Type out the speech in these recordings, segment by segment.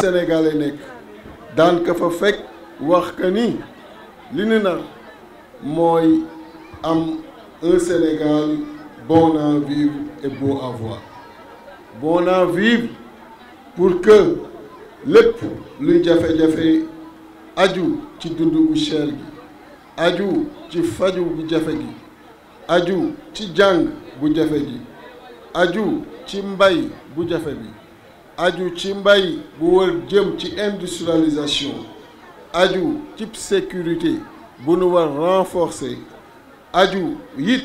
Sénégal yi ka fa fekk wax ni li nar am un Sénégal bon à vivre et bon à voir bon à vivre pour que lepp luy jafé jafé aju ci dund cher gi aju ci faju bu jafé gi aju ci jang bu jafé gi aju ci mbay bu jafé bi aju ci mbay bu wër jëm ci industrialisation aju ci sécurité bu nu war renforcer aju yit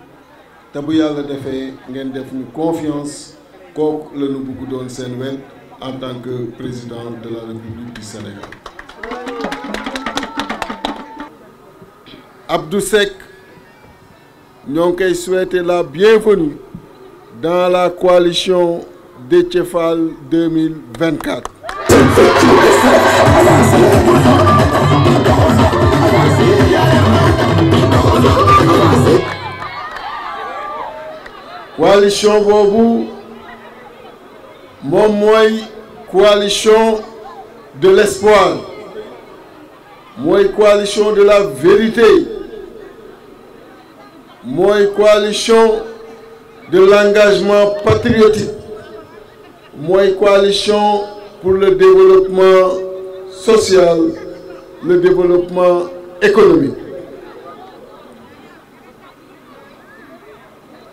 Tabouya, le défait, il a def confiance contre le Nouboukoudon beaucoup en tant que président de la République du Sénégal. Abdou Sek, nous souhaitons la bienvenue dans la coalition des 2024. coalition vous, moi, moi coalition de l'espoir moi coalition de la vérité moi coalition de l'engagement patriotique moi coalition pour le développement social le développement économique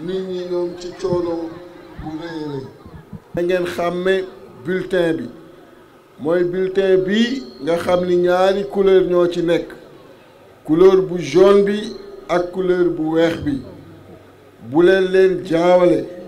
nit ñi ci coono bu xàmme bulletin bi mooy bulletin bi nga xam ni ñaari couleur ñoo ci nekk couleur bu jaune bi ak couleur bu weex bi bu leen leen jaawale